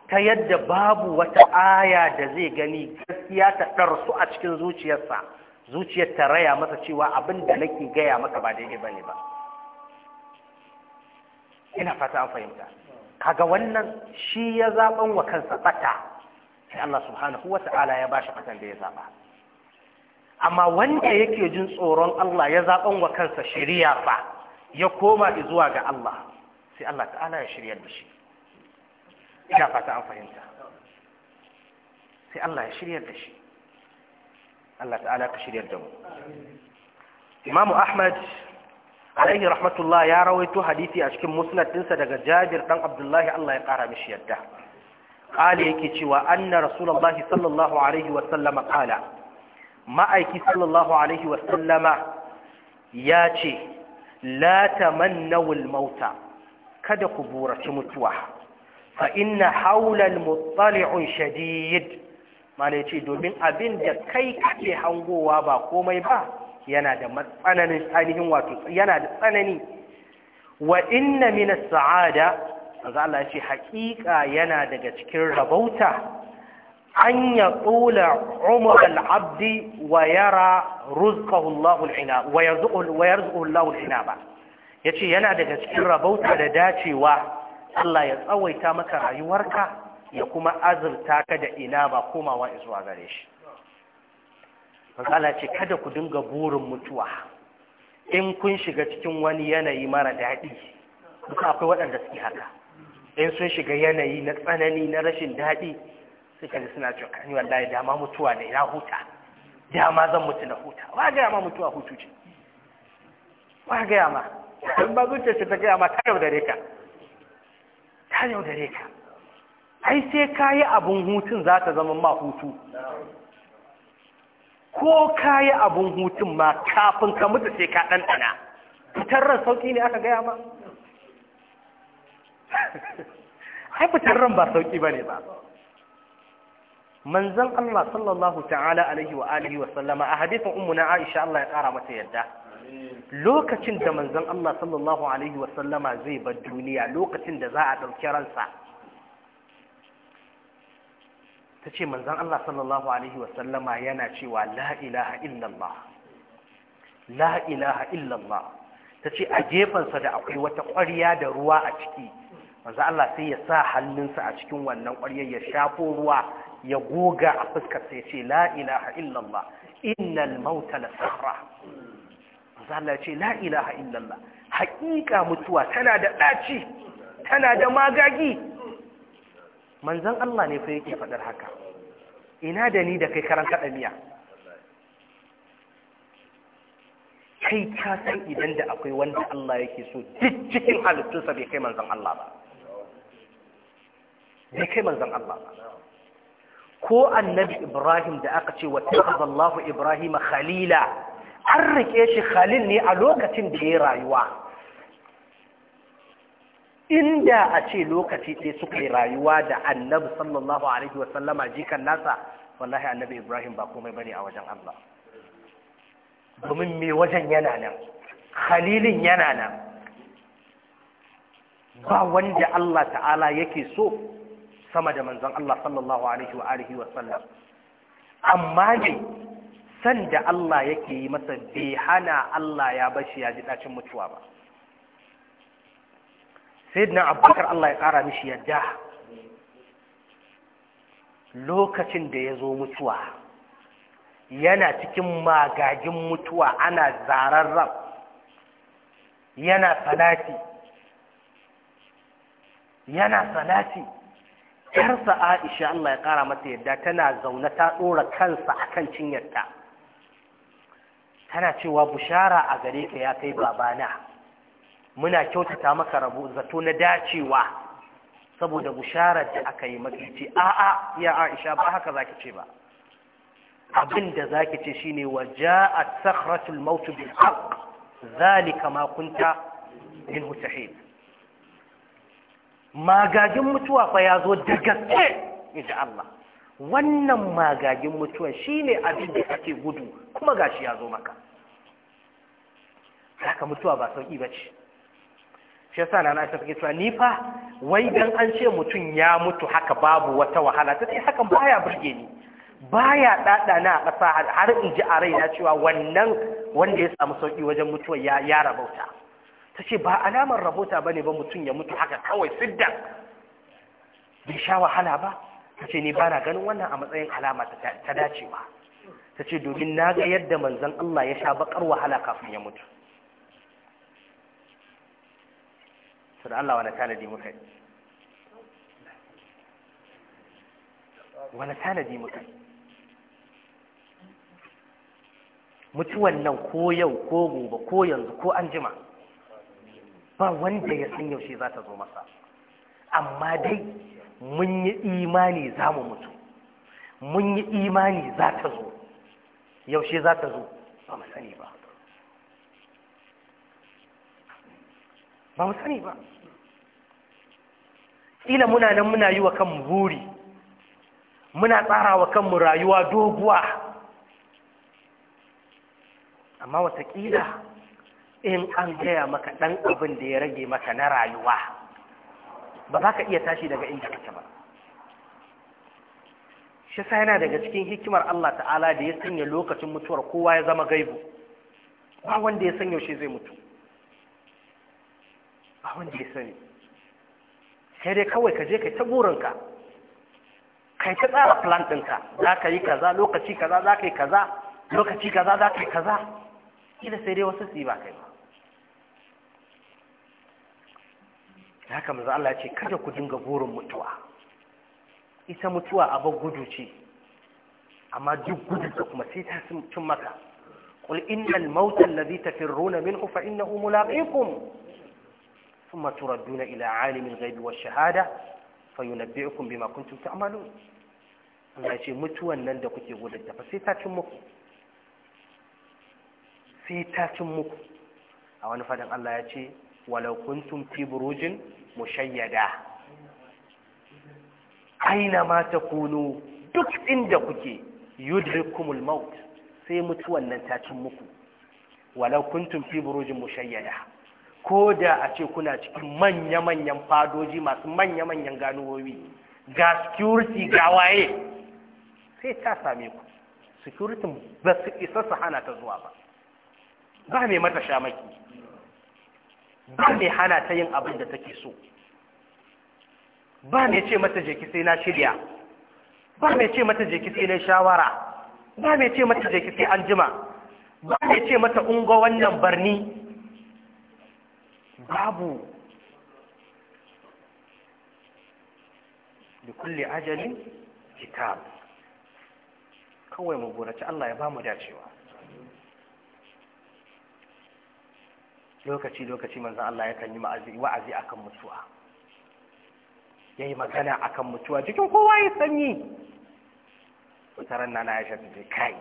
A: ta yadda babu wata aya da zai gani gaskiya ta ɗarsu a cikin zuciyarsa zuciyar ta raya masa cewa abin da nake gaya maka ba daidai bane ba ina fata an fahimta kaga wannan shi ya zaban wa kansa fata sai Allah subhanahu wata'ala ya bashi fatan da ya zaba amma wanda yake jin tsoron Allah ya zaban wa kansa shari'a fa ya koma zuwa ga Allah sai Allah ta'ala ya shiryar da shi ina fata an fahimta sai Allah ya shiryar da shi Allah ta'ala ka shiryar da mu Imam Ahmad alaihi rahmatullah ya rawaito hadisi a cikin musnad dinsa daga Jabir dan Abdullahi Allah ya kara mishi yadda qali yake cewa anna rasulullahi sallallahu alaihi wa sallama qala ma'aiki sallallahu alaihi wa sallama ya ce la tamannawul mauta kada ku buraci mutuwa fa inna haula al-muttali'un shadid ya ce domin abin da kai kake hangowa ba komai ba yana da matsananin ainihin wato yana da tsanani wa inna na mina saada azza Allah ya haƙiƙa yana daga cikin rabauta an ya tsula umar al'abdi wa yara rizqahullahu ina ba ya ce yana daga cikin rabauta da dacewa Allah ya tsawaita maka rayuwarka ya kuma azurta ka da ina ba komawa zuwa gare shi Allah ce kada ku dinga burin mutuwa in kun shiga cikin wani yanayi mara daɗi duka akwai waɗanda suke haka in sun shiga yanayi na tsanani na rashin daɗi suka ji suna cewa kan wallahi dama mutuwa ne na huta dama zan mutu na huta ba ga ma mutuwa hutu ce ba ga ma in ba zuciyarsa ta ga ma ta yaudare ka ta yaudare ka ai sai ka yi abin hutun za ta zama ma hutu ko ka yi abin hutun ma kafin ka mutu sai ka ɗanɗana fitar ran sauƙi ne aka gaya ma ai fitar ran ba sauƙi ba ne ba manzan Allah sallallahu ta'ala alaihi wa alihi wa sallama a hadithin ummuna Aisha Allah ya ƙara mata yadda lokacin da manzan Allah sallallahu alaihi wa sallama zai bar duniya lokacin da za a ɗauki ransa ta ce manzan Allah sallallahu Alaihi wasallama yana cewa la ilaha illallah la ilaha illallah ta ce a gefensa da akwai wata ƙwarya da ruwa a ciki manzan Allah sai ya sa hannunsa a cikin wannan ƙwaryar ya shafo ruwa ya goga a fuskarsa. Ya ce la ilaha illallah innal mauta la sarra manzan Allah ce la ilaha illallah haƙiƙa mutuwa tana da ɗaci tana da magagi manzan Allah ne fa yake faɗar haka ina da ni da kai karan miya kai ka san idan da akwai wanda Allah yake so duk cikin halittunsa bai kai manzan Allah ba bai kai manzan Allah ba ko annabi Ibrahim da aka ce wata Allahu Ibrahim khalila an rike shi khalil ne a lokacin da ya rayuwa inda a ce lokaci ɗaya suka yi rayuwa da annabi sallallahu alaihi wa a jikan nasa wallahi annabi ibrahim ba komai bane a wajen allah domin me wajen yana nan khalilin yana nan ba wanda allah ta'ala yake so sama da manzon allah sallallahu alaihi wa alihi sallam amma ne san da allah yake yi masa bai hana allah ya bashi ya ji ɗacin mutuwa ba sayyidina abubakar Allah ya ƙara mishi yadda lokacin da ya zo mutuwa yana cikin magagin mutuwa ana zarar rab yana salati yana salati yarsa Aisha Allah ya ƙara mata yadda tana zaune ta ɗora kansa a kan cinyarta tana cewa bushara a gare ka ya kai babana muna kyautata maka rabo zato na dacewa saboda bisharar da aka yi maka ce a'a ya Aisha ba haka zaki ce ba abin da zaki ce shine waja'at sakhratul maut bil haqq zalika ma kunta minhu tahid magagin mutuwa fa yazo da gaske insha Allah wannan magagin mutuwa shine abin da kake gudu kuma gashi yazo maka haka mutuwa ba sauki bace shi yasa na Aisha take cewa ni fa wai dan an ce mutum ya mutu haka babu wata wahala ta ce hakan baya burge ni baya dadana a kasa har in ji a raina cewa wannan wanda ya samu sauki wajen mutuwa ya ya rabauta ta ce ba alamar rabauta bane ba mutum ya mutu haka kawai siddan bai sha wahala ba ta ce ni ba na ganin wannan a matsayin alama ta dacewa ta ce domin na ga yadda manzon Allah ya sha bakar wahala kafin ya mutu su da Allah wani tanadi muka yi wani tanadi muka yi mutuwan nan ko yau ko gobe ko yanzu ko an jima ba wanda ya san yaushe za ta zo masa amma dai mun yi imani za mu mutu mun yi imani za ta zo yaushe za ta zo ba mu sani ba ba mu sani ba ƙila muna nan muna yi wa kanmu buri muna tsara wa kanmu rayuwa doguwa amma wataƙila in an gaya maka ɗan abin da ya rage maka na rayuwa ba za ka iya tashi daga inda kake ba shi sa yana daga cikin hikimar Allah ta'ala da ya sanya lokacin mutuwar kowa ya zama gaibu ba wanda ya san yaushe zai mutu ba wanda ya sani kai dai kawai ka je kai ta burinka kai ta tsara plan ɗinka za ka yi kaza lokaci kaza za ka yi kaza lokaci kaza za ka yi kaza kila sai dai wasu su yi ba kai ba haka manzo Allah ya ce kada ku dinga burin mutuwa ita mutuwa abin gudu ce amma duk gudu ta kuma sai ta cin maka qul innal mauta alladhi tafirruna minhu fa innahu mulaqikum ثم تردون إلى عالم الغيب والشهادة فينبئكم بما كنتم تعملون Allah ce mutuwan nan da kuke gudunta fa sai ta muku sai ta muku a wani fadin Allah ya ce aina ma takunu duk inda kuke yudrikumul maut sai mutuwan nan ta cin muku walau kuntum fi burujin mushayyada ko da a ce kuna cikin manya-manyan fadoji masu manya-manyan ganuwowi ga security ga waye sai ta same ku security ba su isa su hana ta zuwa ba ba mai mata shamaki ba mai hana ta yin abin da take so ba mai ce mata jeki sai na shirya ba mai ce mata jeki sai na shawara ba mai ce mata jeki sai an jima ba mai ce mata ungo wannan barni babu da kulle ajalin kitab kawai mu goraci Allah ya ba mu dacewa lokaci-lokaci manzan Allah ya kan yi wa'azi akan mutuwa ya yi magana akan mutuwa cikin kowa ya sanyi mutaran na ya shafi kai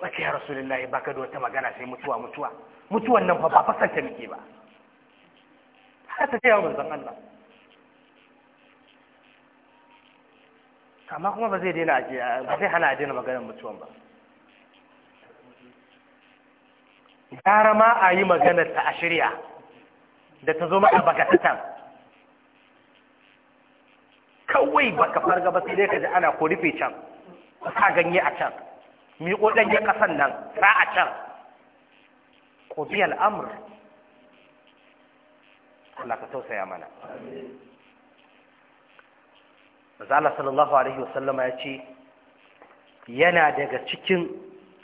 A: wace ya rasu baka da wata magana sai mutuwa mutuwa mutuwan nan fa ba fasanta muke ba ta ce yawon manzon Allah amma kuma ba zai daina ba zai hana a daina maganar mutuwan ba gara ma a yi maganar ta a shirya da ta zo ma a bakatatan kawai baka farga ba sai dai ka ji ana ko rufe can sa ganye a can miƙo ɗanyen ƙasan nan ra a can ƙobi al'amur Allah ka tausaya mana Allah sallallahu alaihi wasallama ya ce yana daga cikin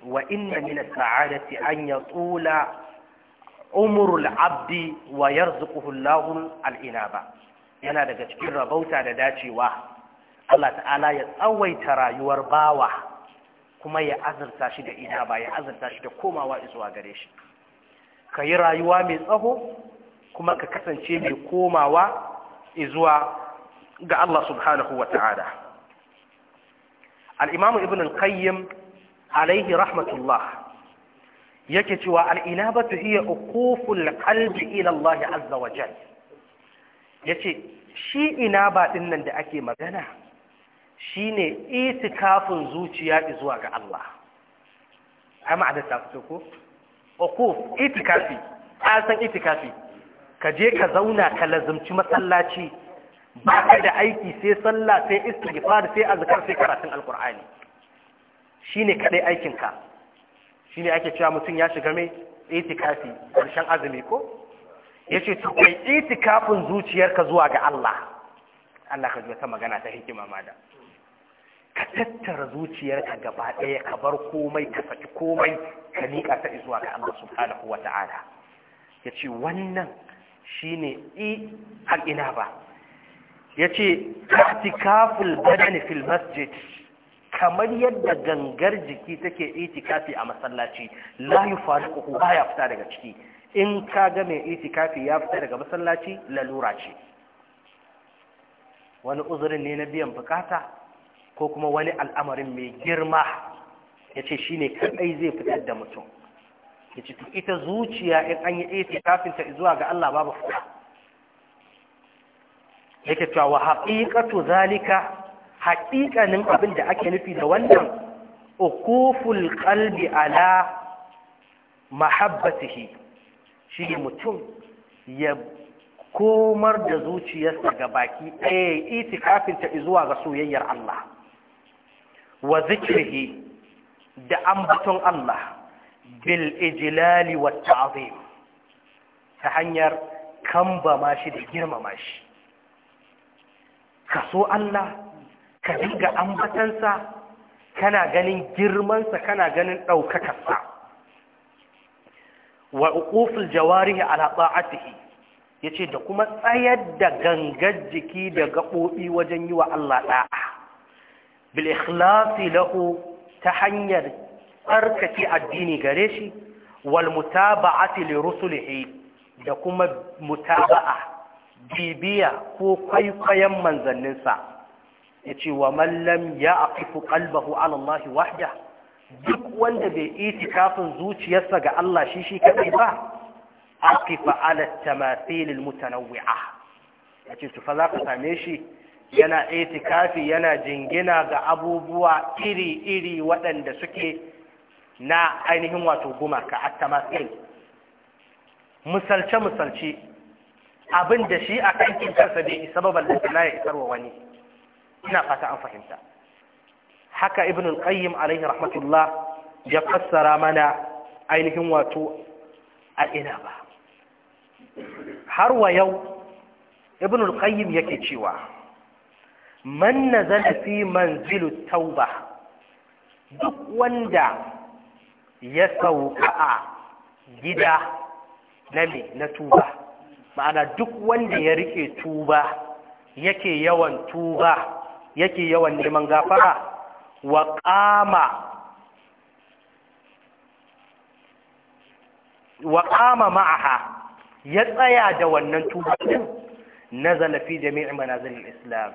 A: wa inna mina saadati an tsula umrul abdi wa yarzuquhu Allahu al-inaba yana daga cikin rabauta da dacewa Allah ta'ala ya tsawaita rayuwar bawa kuma ya azurta shi da ina ba ya azurta shi da komawa zuwa gare shi Ka yi rayuwa mai tsaho kuma ka kasance mai komawa zuwa ga Allah subhanahu wa ta'ala al-imamu ibn al-qayyim alaihi rahmatullah yake cewa al'inabatu iya ukuful kalbi ila Allah azza wa jal yace shi ina ba nan da ake magana shine itikafin zuciya izuwa ga Allah a da ta fito ko ukuf itikafi an san itikafi ka je ka zauna ka lazumci masallaci ba ka da aiki sai sallah sai istighfar sai azkar sai karatun alqur'ani shine kadai aikin ka shine ake cewa mutum ya shiga mai itikafi karshen azumi ko yace to kai itikafin zuciyarka zuwa ga Allah Allah ka ji ta magana ta hikima ma da ka tattara zuciyarka gaba ɗaya ka bar komai ka saki komai ka liƙa ta zuwa ga Allah subhanahu wataala yace wannan shine i al'ina ba yace i'tikaful badani fil masjid kamar yadda gangar jiki take itikafi a masallaci la yufariquhu baya fita daga ciki in ka ga mai itikafi ya fita daga masallaci lalura ce wani uzurin ne na biyan bukata ko kuma wani al'amarin mai girma yace shine kadai zai fitar da mutum ya ce ita zuciya in an yi eti kafinta zuwa ga Allah babu fita yake cewa wa haƙiƙatu zalika haƙiƙanin abin da ake nufi da wannan ukuful qalbi ala mahabbatihi shi mutum ya komar da zuciyarsa ga baki ɗaya itikafinta zuwa ga soyayyar Allah wa zikrihi da ambaton Allah bil ijlali wa ta'zim ta hanyar kambama shi da girmama shi ka Allah ka dinga ambatansa kana ganin girmansa kana ganin ɗaukakarsa wa uqufil jawarihi ala ta'atihi yace da kuma tsayar da gangar jiki da gaɓoɓi wajen yiwa Allah ɗa'a bil ikhlasi lahu ta hanyar tsarkake addini gare shi wal mutaba'ati li rusulihi da kuma mutaba'a bibiya ko kwaikwayon manzanninsa yace wa mallam lam ya'qifu qalbahu 'ala wahda duk wanda bai itikafin zuciyarsa ga Allah shi shi kadai ba aqifa 'ala at-tamathil al-mutanawwi'a yace to fa za ka same shi yana kafi yana jingina ga abubuwa iri-iri waɗanda suke na ainihin wato gumaka a tamasir musalce-musalce abin da shi a kan kinkarsa bai isa ba da na ya isarwa wani ina fata an fahimta haka ibn al-qayyim alaihi rahmatullah ya fassara mana ainihin wato a ina ba har wa yau ibn al-qayyim yake cewa man nazala fi manzilut tauba duk wanda ya sauka a gida na me na tuba ma'ana duk wanda ya rike tuba yake yawan tuba yake yawan neman gafara wa qama wa qama ma'aha ya tsaya da wannan tuba din nazala fi jami'i manazilil islam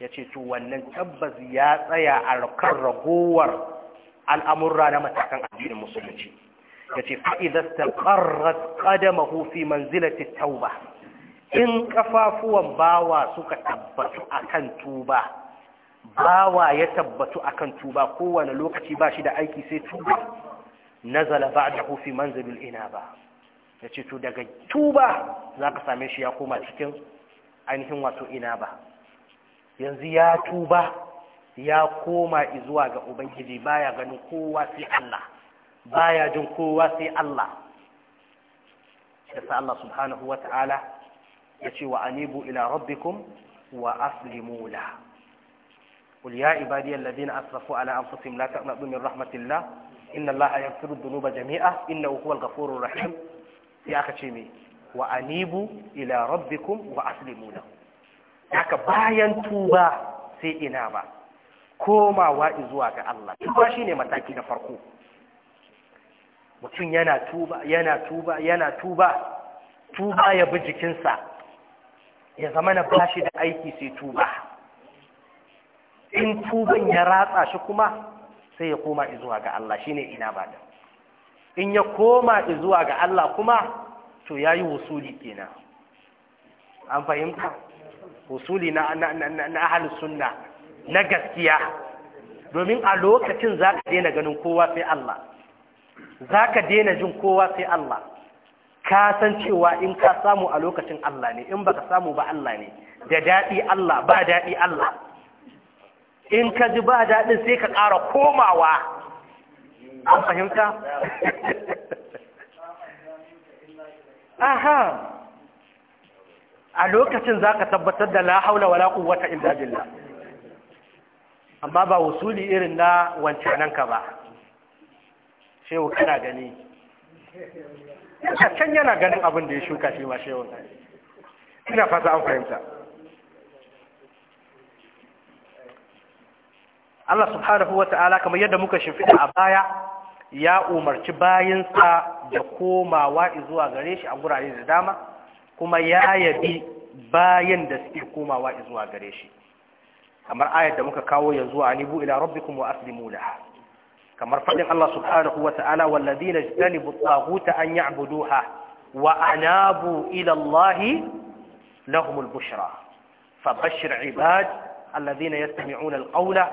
A: yace to wannan tabbas ya tsaya a kan ragowar al'amurra na matakan addinin musulunci ya ce fa'idar ta ƙarar ƙadama hufi manzilati tauba in ƙafafuwan bawa suka tabbatu akan tuba bawa ya tabbatu a kan tuba kowane lokaci ba shi da aiki sai tuba Na hufi manzilin ina ba. Ya ce to daga tuba za ka same shi ya koma cikin ainihin wato ina ba. yanzu ya tuba ya koma zuwa ga ubangiji baya ganin kowa sai Allah baya jin kowa sai Allah yasa Allah subhanahu ya yace wa anibu ila rabbikum wa aslimu la قل يا عبادي الذين أسرفوا على أنفسهم لا تقنطوا من رحمة الله إن الله يغفر الذنوب جميعا إنه هو الغفور الرحيم يا أخي وأنيبوا إلى ربكم وأسلموا له haka bayan tuba sai ina ba komawa zuwa ga Allah tuba shine mataki na farko mutum yana tuba yana tuba yana tuba tuba ya bi jikinsa ya zama na bashi da aiki sai tuba in tuban ya ratsa shi kuma sai ya koma zuwa ga Allah shine ina ba da in ya koma zuwa ga Allah kuma to yayi wusuli kenan an fahimta wusuli na na na, sunna na gaskiya domin a lokacin za ka daina ganin kowa sai Allah za ka daina jin kowa sai Allah ka san cewa in ka samu a lokacin Allah ne in baka samu ba Allah ne da daɗi Allah ba daɗi Allah in ka ji ba daɗin sai ka ƙara komawa an fahimta? aha a lokacin za ka tabbatar da la haula wala quwwata illa billah amma ba wasuli irin na wancananka ba shehu kana gani can yana ganin abin da ya shuka shi ma shehun ina fata an fahimta Allah subhanahu wa ta'ala kamar yadda muka shimfida a baya ya umarci bayansa da komawa zuwa gare shi a gurare da dama kuma ya yabi bayan da suke komawa zuwa gare shi kamar ayat da muka kawo yanzu anibu ila rabbikum wa aslimu lah kamar fadin Allah subhanahu wa ta'ala walladhina ijtanibu at-taghuta an ya'buduha wa anabu ila Allah lahumul bushra fabashshir 'ibad alladhina yastami'una al-qawla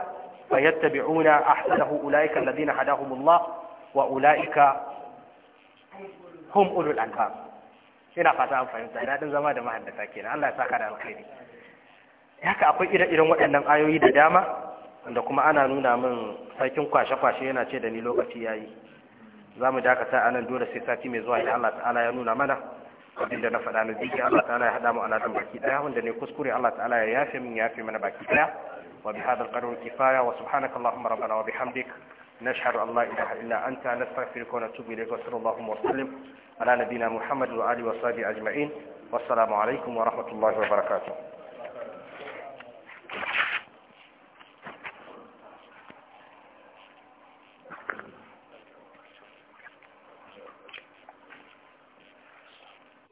A: fayattabi'una ahsanahu ulaika alladhina hadahumullah wa ulaika hum ulul albab ina fata an fahimta dadin zama da mahaddata kenan Allah ya saka da alkhairi haka akwai ire-iren waɗannan ayoyi da dama wanda kuma ana nuna min sarkin kwashe-kwashe yana ce da ni lokaci yayi za mu dakata anan dole sai sati mai zuwa idan Allah ta'ala ya nuna mana abin da na faɗa na zikin Allah ta'ala ya haɗa mu a ladan baki ɗaya wanda ne kuskure Allah ta'ala ya yafe min yafe mana baki ɗaya wa bi hadal qadar kifaya wa subhanaka allahumma rabbana wa bihamdik nashhadu an la ilaha illa anta nastaghfiruka wa natubu ilayka wa sallallahu wa sallim ala nabiyyina muhammad wa alihi wa sahbihi ajma'in wassalamu alaikum wa rahmatullahi wa barakatuh